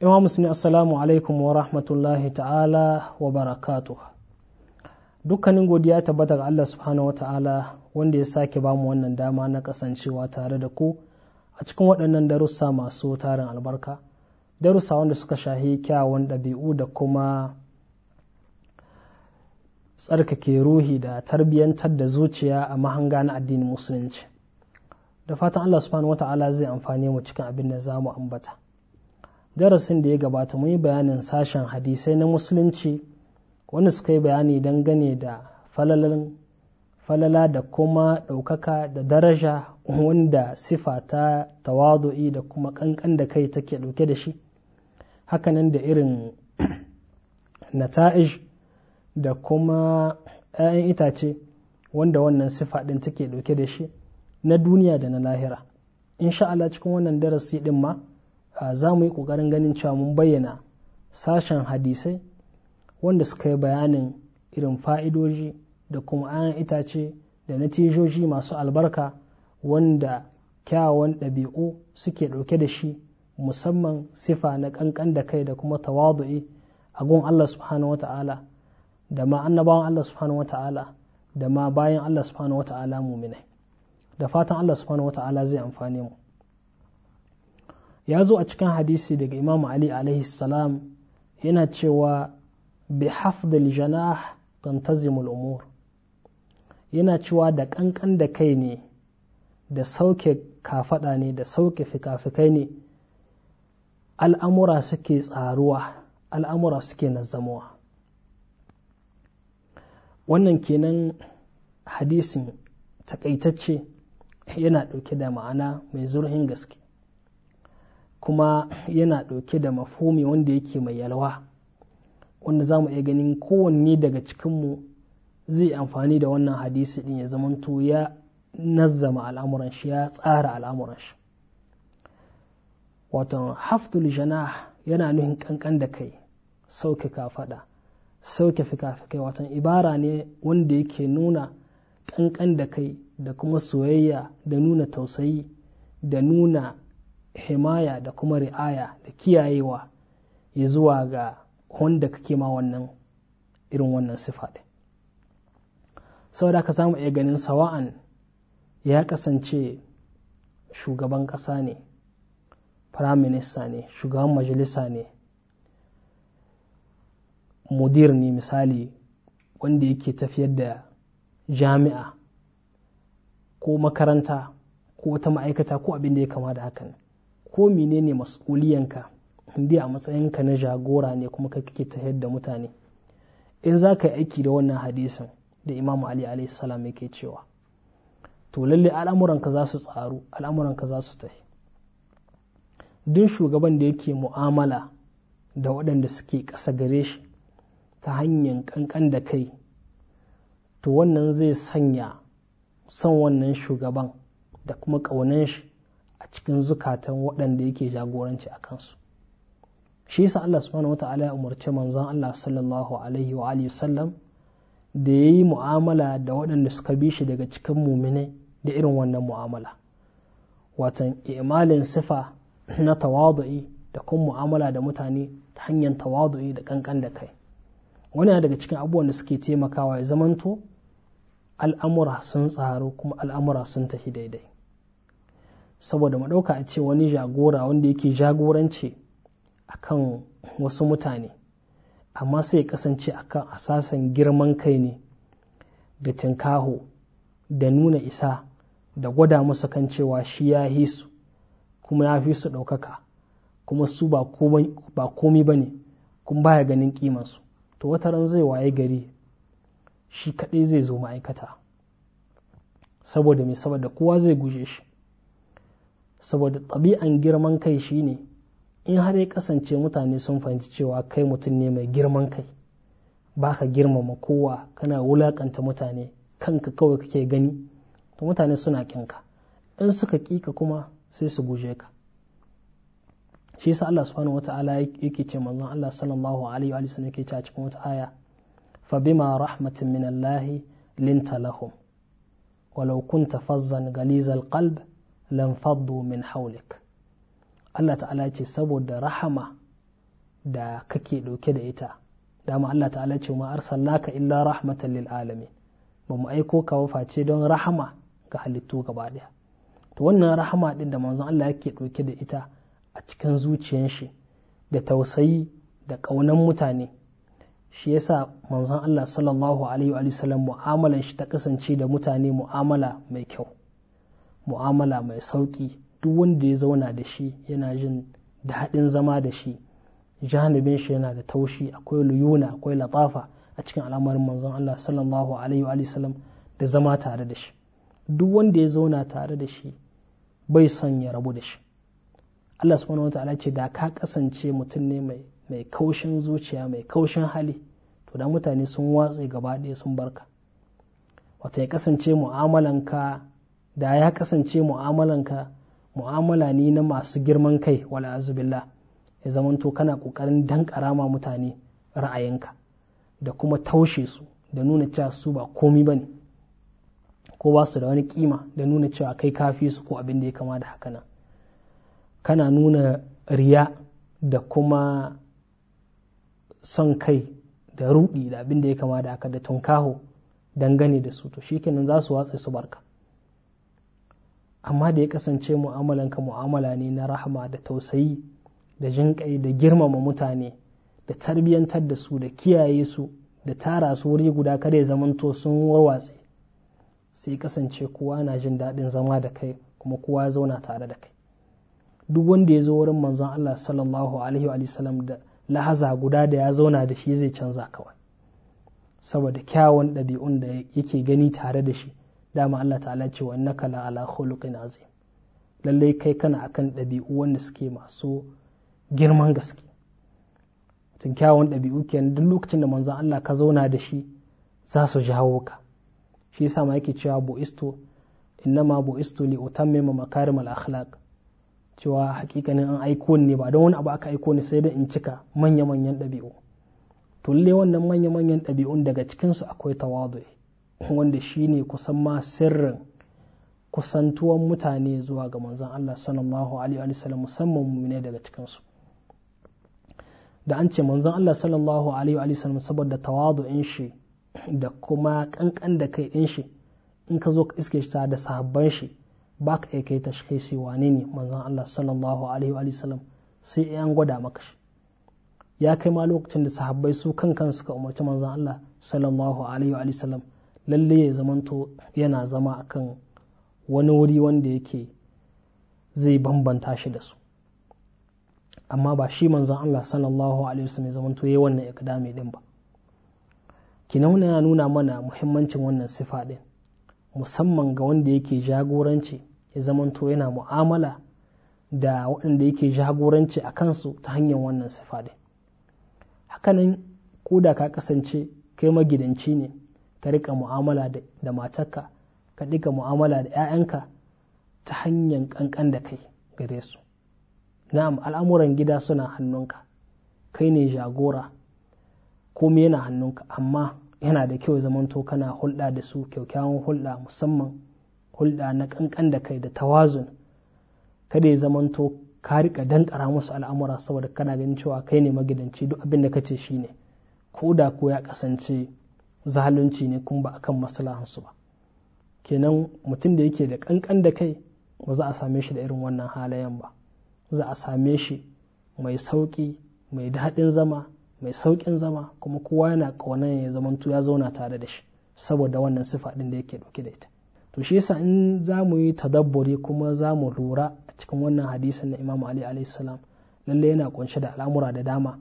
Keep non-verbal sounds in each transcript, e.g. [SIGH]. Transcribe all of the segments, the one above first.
yawan musulmi assalamu alaikum wa rahmatullahi ta'ala wa barakatu. dukkanin godiya tabbata ga Allah subhanahu wa ta'ala wanda ya sake bamu wannan dama na kasancewa tare da ku a cikin waɗannan darussa masu tarin albarka darussa wanda suka shahi kyawun ɗabi'u da kuma tsarkake ruhi da tarbiyyantar da zuciya a mahanga na addinin musulunci da fatan Allah subhanahu wa ta'ala zai amfane mu cikin abin da za mu ambata darasin da ya gabata mun yi bayanin sashen hadisai na musulunci wanda suka yi bayani dangane da falala da kuma ɗaukaka da daraja wanda sifa ta tawadu'i da kuma ƙanƙan da kai take ɗauke da shi hakanan da irin [CLEARS THROAT] nata'ij da kuma 'ya'yan itace wanda wannan sifa ɗin take ɗauke da shi na duniya da na lahira insha Allah cikin wannan darasi ɗin ma za mu yi ƙoƙarin ganin cewa mun bayyana sashen hadisai wanda suka yi bayanin irin fa'idoji da kuma ayan itace da natijoji masu albarka wanda kyawawan ɗabi'u suke ɗauke da shi musamman sifa na ƙanƙan da kai da kuma tawadu'i a gun Allah subhanahu wata'ala da ma annabawan Allah subhanahu wata'ala da ma bayan Allah subhanahu wata'ala mu da fatan Allah subhanahu wata'ala zai amfane mu ya zo a cikin hadisi daga imamu ali alaihi salam yana cewa bi hafdil janah tantazimul umur yana cewa da kankan da kai ne da sauke kafada ne da sauke fikafikai ne al'amura suke tsaruwa al'amura suke nazzamuwa wannan kenan hadisin takaitacce yana ɗauke da ma'ana mai zurhin gaske kuma yana ɗauke da mafumi wanda yake mai yalwa wanda za mu iya ganin kowanne daga cikinmu zai amfani da wannan hadisi ɗin ya zamanto ya nazzama al'amuran shi ya tsara al'amuran shi waton haftul janah yana nuhin kankan da kai sauke kafaɗa sauke fikafikai waton ibara ne wanda yake nuna kankan da kai da kuma soyayya da nuna tausayi da nuna himaya da kuma ri'aya da kiyayewa ya zuwa ga wanda kake ma wannan irin wannan sifa ɗin saboda ka samu iya ganin sawa'an ya kasance shugaban ƙasa ne firaminista ne shugaban majalisa ne mudir ne misali wanda yake tafiyar da jami'a ko makaranta ko wata ma'aikata ko abin da ya kama da hakan ko menene mas'uliyanka inda a matsayinka na jagora ne kuma ka kake tahiyar da mutane in za ka yi aiki da wannan hadisin da imamu ali alayhi salam yake cewa to lalle al'amuranka za su tsaru al'amuranka za su tafi duk shugaban da yake mu'amala da waɗanda suke ƙasa gare shi ta hanyar ƙanƙan da kai to wannan zai sanya son wannan shugaban da kuma ƙaunan shi a cikin zukatan waɗanda yake jagoranci a kansu shi yasa Allah subhanahu wata'ala ya umarci manzon Allah sallallahu alaihi wa alihi sallam da yayi mu'amala da waɗanda suka bi shi daga cikin muminai da irin wannan mu'amala watan imalin sifa na tawadu'i da kuma mu'amala da mutane ta hanyar tawadu'i da kankan da kai wani daga cikin abubuwan da suke taimakawa ya zamanto al'amura sun tsaro kuma al'amura sun tafi daidai saboda mu ɗauka a ce wani jagora wanda yake jagoranci kan wasu mutane amma sai ya kasance kan asasan girman kai ne da tinkaho da nuna isa da gwada musu kan cewa shi ya yi su kuma ya fi su ɗaukaka kuma su ba komi ba ne kuma baya ganin kimansu to wata ran zai waye gari shi kaɗai zai zo ma'aikata saboda mai saboda kowa zai guje shi saboda ɗabi'an girman kai shine in har ya kasance mutane sun fahimci cewa kai mutum ne mai girman kai ba ka girmama kowa kana wulakanta mutane kanka kawai kake gani to mutane suna kinka in suka kika kuma sai su guje ka shi yasa Allah subhanahu wata'ala yake ce manzon Allah sallallahu alaihi wa sallam yake cewa cikin wata aya fa bima rahmatin min Allah linta lahum walau kunta fazzan ghalizal qalb lanfaddu min haulik Allah ta'ala ce saboda rahama da kake ɗauke da ita dama Allah ta'ala ce ma arsalnaka illa rahmatan lil alamin ba mu aiko ka face don rahama ga halittu gaba daya to wannan rahama din da manzon Allah yake ɗauke da ita a cikin zuciyar shi da tausayi da ƙaunan mutane shi yasa manzon Allah sallallahu alaihi wa sallam mu'amalan shi ta kasance da mutane mu'amala mai kyau mu'amala mai sauƙi duk wanda ya zauna da shi yana jin daɗin zama da shi janibin shi yana da taushi akwai luyuna akwai latafa a cikin al'amarin manzon Allah sallallahu alaihi wa sallam da zama tare da shi duk wanda ya zauna tare da shi bai son ya rabu da shi Allah subhanahu wa ta'ala ce da ka kasance mutum ne mai mai kaushin zuciya mai kaushin hali to da mutane sun watse gaba ɗaya sun barka wato ya kasance mu'amalan ka. da ya kasance mu'amalanka mu'amala ne na masu girman kai wala azubillah ya zamanto kana ƙoƙarin danka rama mutane ra'ayinka da kuma taushe su da nuna cewa su ba komi ba ne ko ba su da wani kima da nuna cewa kai kafi su ko abin da ya kama da haka nan kana nuna riya da kuma son kai da ruɗi da abin da ya kama da haka da tunkaho dangane da su to kenan za su watsa su barka amma da ya kasance mu'amalanka mu'amala ne na rahama da tausayi da jinƙai da girmama mutane da tarbiyyantar da su da kiyaye su da tara su wuri guda kada ya zamanto sun warwatse sai kasance kowa na jin daɗin zama da kai kuma kowa zauna tare da kai duk wanda ya zo wurin manzon Allah sallallahu alaihi wa sallam da lahaza guda da ya zauna da shi zai canza kawai saboda kyawun ɗabi'un da yake gani tare da shi dama Allah ta'ala ce wa innaka la ala khuluqin azim lallai kai kana akan ɗabi'u wanda suke masu girman gaske tun kyawun ɗabi'u kenan duk lokacin da manzon Allah ka zauna da shi za su jawo ka shi yasa ma yake cewa bu'istu innama bu'istu li utammima makarimal akhlaq cewa hakikanin an aiko ne ba don wani abu aka aiko ne sai da in cika manya-manyan ɗabi'u to lalle wannan manya-manyan ɗabi'un daga cikinsu akwai tawadu'i wanda shi ne kusan ma sirrin kusantuwan mutane zuwa ga manzon Allah sallallahu alaihi wa sallam musamman mu'mine daga cikin su da an ce manzon Allah sallallahu alaihi wa sallam saboda tawadu'in shi da kuma kankan da kai din shi in ka zo ka iske shi da sahabban shi ba ka iya kai ta shi kai wane ne manzon Allah sallallahu alaihi wa sallam sai an gwada maka shi ya kai ma lokacin da sahabbai su kan kansu ka umarci manzon Allah sallallahu alaihi wa sallam lalle ya zamanto yana zama kan wani wuri wanda yake zai bambanta shi da su amma ba shi manzon Allah sallallahu alaihi wasallam ya zamanto yayi wannan ikdami din ba kinan yana nuna mana muhimmancin wannan sifa din musamman ga wanda yake jagoranci ya zamanto yana mu'amala da waɗanda yake jagoranci a kansu ta hanyar wannan sifa din hakanan ko da ka kasance kai magidanci ne ka rika mu'amala da matarka ka rika mu'amala da 'ya'yanka ta hanyar kankan da kai gare su na'am al'amuran gida suna hannunka kai ne jagora komai yana hannunka amma yana da kyau zamanto kana hulɗa da su kyaukyawan hulɗa musamman hulɗa na kankan da kai da tawazun kada ya zamanto ka rika dankara musu al'amura saboda kana ganin cewa kai ne magidanci duk abin da kace shine ko da ko ya kasance zalunci ne kuma ba a kan masalahan maslahansu ba kenan mutum da yake da kankan da kai ba za a same shi da irin wannan halayen ba za a same shi mai sauƙi mai daɗin zama mai sauƙin zama kuma kowa yana ƙaunar ya zamanto ya zauna tare da shi saboda wannan sifa ɗin da yake ɗauke da ita to shi yasa in za mu yi tadabburi kuma za mu lura a cikin wannan hadisin na imam ali alayhi salam lallai yana kunshe da al'amura da dama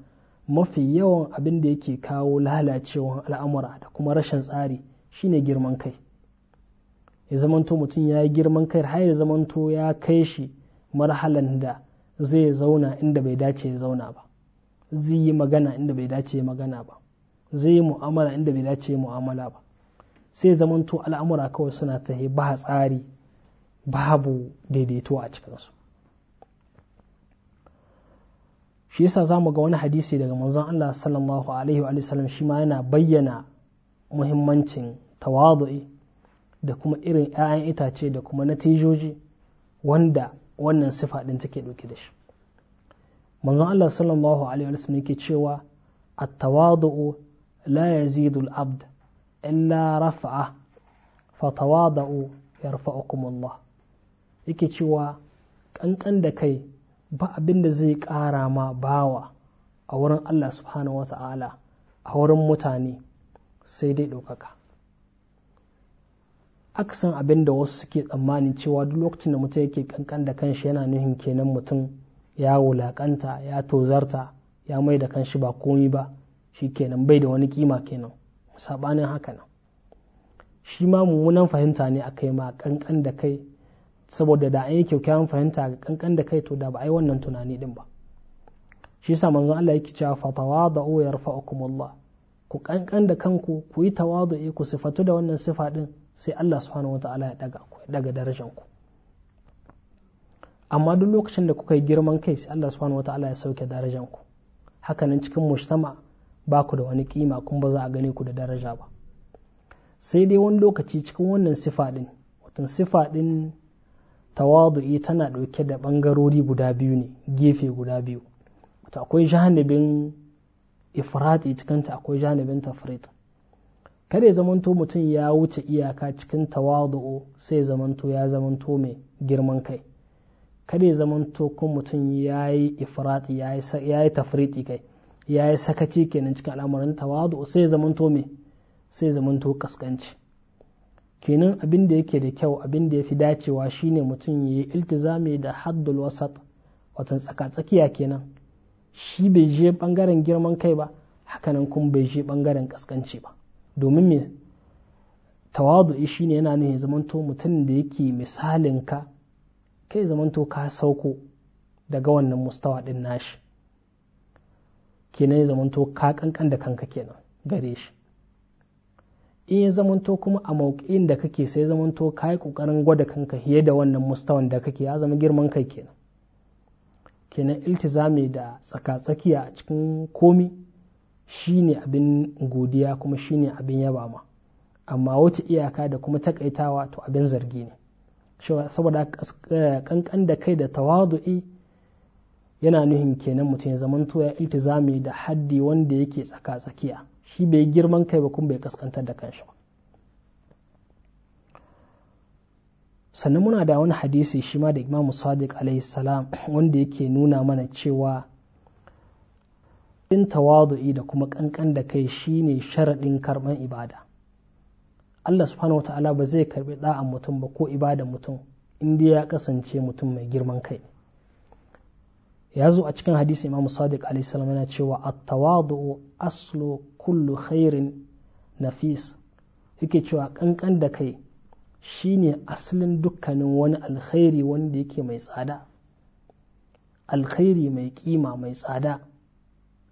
mafi yawan abin da yake kawo lalacewan al'amura da kuma rashin tsari shine girman kai ya zamanto mutum ya yi girman kai har ya zamanto ya kai shi marhalan da zai zauna inda bai dace ya zauna ba zai yi magana inda bai dace magana ba zai yi mu'amala inda bai dace mu'amala ba sai zamanto al'amura kawai suna tahe ba tsari babu daidaito a cikinsu shi yasa zamu ga wani hadisi daga manzon Allah sallallahu alaihi wa sallam shi ma yana bayyana muhimmancin tawadu'i da kuma irin 'ya'yan itace da kuma natijoji wanda wannan sifa ɗin take ɗauke da shi manzon Allah sallallahu alaihi wa sallam yake cewa at-tawadu'u la yazidu al-abd illa raf'a fa tawadu'u yarfa'ukum Allah yake cewa kankan da kai ba abin da zai ƙara ma bawa a wurin Allah subhanahu wa ta'ala a wurin mutane sai dai ɗaukaka aksan abin da wasu suke tsammanin cewa duk lokacin da mutum yake kankan da kanshi yana nuhin kenan mutum ya wulaƙanta ya tozarta ya mai da kanshi ba komi ba shi kenan bai da wani kima kenan saɓanin haka nan shi ma mummunan fahimta ne a kai ma kankan da kai saboda da an yi kyakkyawan fahimta ga kankan da kai to da ba a yi wannan tunani din ba shi yasa manzon Allah yake cewa fatawa da o yarfa'ukum Allah ku kankan da kanku ku yi tawadu'i ku sifatu da wannan sifa din sai Allah subhanahu wataala ya daga ku daga darajar ku amma duk lokacin da kuka yi girman kai sai Allah subhanahu wataala ya sauke darajar ku hakanan cikin mujtama ba ku da wani kima kun ba za a gane ku da daraja ba sai dai wani lokaci cikin wannan sifa din watan sifa din tawadu'i tana ɗauke da ɓangarori guda biyu ne gefe guda biyu to akwai janibin ifrati cikinta akwai janibin tafrit kada ya zamanto mutum ya wuce iyaka cikin tawadu'u sai zamanto ya zamanto mai girman kai kada ya zamanto kun mutum ya yi ifrati ya yi tafriti kai ya yi sakaci kenan cikin al'amarin tawadu'u sai zamanto mai sai zamanto kaskanci kenan abin da yake da kyau abin da ya fi dacewa shine mutum ya yi iltizami da haddul wasat watan tsaka-tsakiya kenan shi bai je bangaren girman kai ba hakanan kuma bai je bangaren kaskanci ba domin me tawadu'i ne yana nuna ya zamanto mutum da yake misalin ka kai zamanto ka sauko daga wannan mustawa din nashi kenan ya zamanto ka kankan da kanka kenan gare shi in ya zamanto kuma a mawuƙin da kake sai zamanto ka yi ƙoƙarin gwada kanka fiye da wannan mustawan da kake ya zama girman kai kenan kenan iltizami da tsaka-tsakiya a cikin komi shine abin godiya kuma shine abin yaba ma amma wata iyaka da kuma takaitawa to abin zargi ne saboda kankan eh, da kai da tawadu'i yana nuhin kenan mutum ya zamanto ya iltizami da haddi wanda yake tsaka-tsakiya shi bai girman kai ba kuma bai kaskantar da kanshi ba sannan muna da wani hadisi shi ma da imamu sadiq alaihi salam wanda yake nuna mana cewa din tawadu'i da kuma kankan da kai shi ne sharaɗin karɓan ibada Allah subhanahu wata'ala ba zai karɓi ɗa'an mutum ba ko ibada mutum inda ya kasance mutum mai girman kai ya zo a cikin hadisi imam sadiq a.s. yana cewa at-tawadu aslu kullu khairin nafis yake cewa kankan da kai shine asalin dukkanin wani alkhairi wanda yake mai tsada alkhairi mai kima mai tsada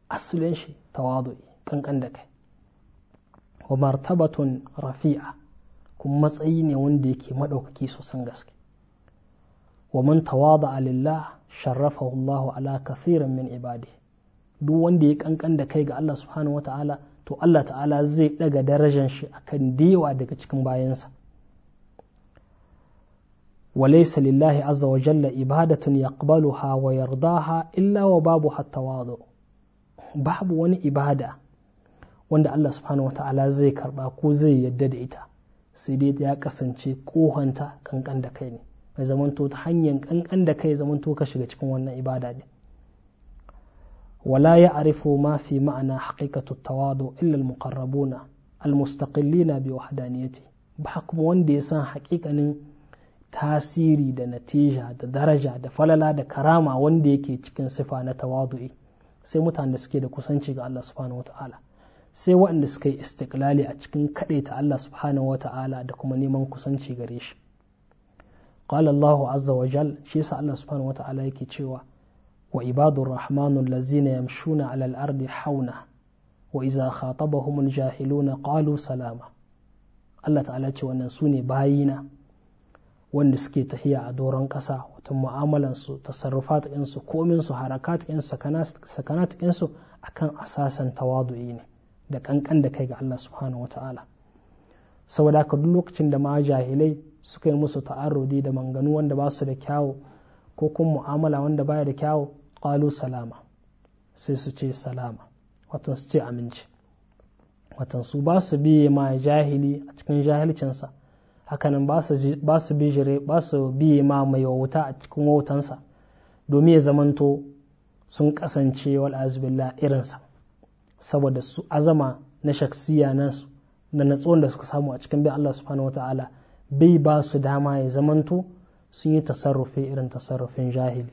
asalin shi tawadu kankan da kai wa martabatun rafi'a kuma matsayi ne wanda yake maɗaukaki sosan gaske wa man tawada lillah sharrafahu Allah ala kathiran min ibadi duk wanda ya kankan da kai ga Allah subhanahu ta'ala to Allah ta'ala zai daga darajan shi akan dewa daga cikin bayansa وليس لله عز وجل إبادة يقبلها ويرضاها إلا وبابها التواضع 'babu wani ibada wanda Allah subhanahu ta'ala zai karba ko zai yadda da ita sai dai ya kasance kohanta kankan da kai ne ya zamanto ta hanyar kankan da kai ya zamanto ka shiga cikin wannan ibada ne wala ya arifu ma fi ma'ana haqiqatu tawadu illa na muqarrabuna na mustaqillina bi wahdaniyati ba kuma wanda ya san haƙiƙanin tasiri da natija da daraja da falala da karama wanda yake cikin sifa na tawadu'i sai mutanen da suke da kusanci ga Allah subhanahu wata'ala sai waɗanda suka yi istiklali a cikin kaɗaita Allah subhanahu wata'ala da kuma neman kusanci gare shi qala Allah azza wa jal shi yasa Allah subhanahu wata'ala yake cewa wa ibadur rahmanul lazina yamshuna alal ardi hauna wa iza khatabahumul jahiluna qalu salama Allah ta'ala ce wannan su ne bayina wanda suke tahiya a doron ƙasa wata mu'amalansu tasarrufat ɗinsu kominsu harakat ɗinsu sakanat ɗinsu akan asasan tawadu'i ne da kankan da kai ga Allah subhanahu wa ta'ala saboda haka duk lokacin da ma jahilai suka yi musu ta'arudi da manganu wanda ba su da kyawu ko kuma mu'amala wanda baya da kyawu qalu salama sai su ce salama watan su ce aminci watan su ba su biye ma jahili a cikin jahilcinsa hakanan ba su bijire ba su biye ma mai wauta a cikin wautansa domin ya zamanto sun kasance wal irinsa saboda su azama na shaksiya nasu da natsuwan da suka samu a cikin bi Allah subhanahu wata'ala bai ba su dama ya zamantu sun yi tasarrufe irin tasarrufin jahili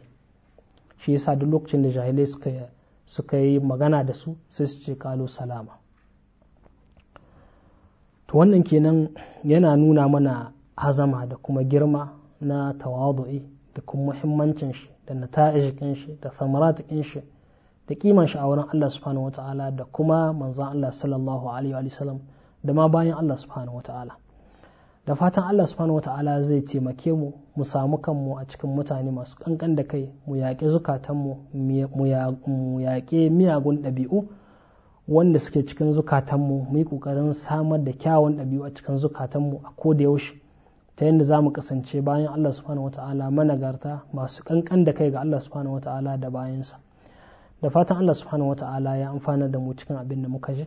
shi yasa duk lokacin da jahilai suka yi magana da su sai su ce kalu salama to wannan kenan yana nuna mana azama da kuma girma na tawadu'i da kuma muhimmancin shi da nata'ijikin shi da samaratikin shi da kiman shi a wurin Allah subhanahu wata'ala da kuma manzon Allah sallallahu alaihi wa sallam da ma bayan Allah subhanahu wata'ala da fatan Allah subhanahu wata'ala zai taimake mu mu samu kanmu a cikin mutane masu kankan da kai mu yaƙe zukatanmu mu yaƙe miyagun ɗabi'u wanda suke cikin zukatanmu mu yi ƙoƙarin samar da kyawun ɗabi'u a cikin zukatanmu a koda yaushe ta yadda za mu kasance bayan Allah subhanahu wata'ala managarta masu kankan da kai ga Allah subhanahu wata'ala da bayansa da fatan Allah subhanahu wata'ala ya amfana da mu cikin abin da muka je.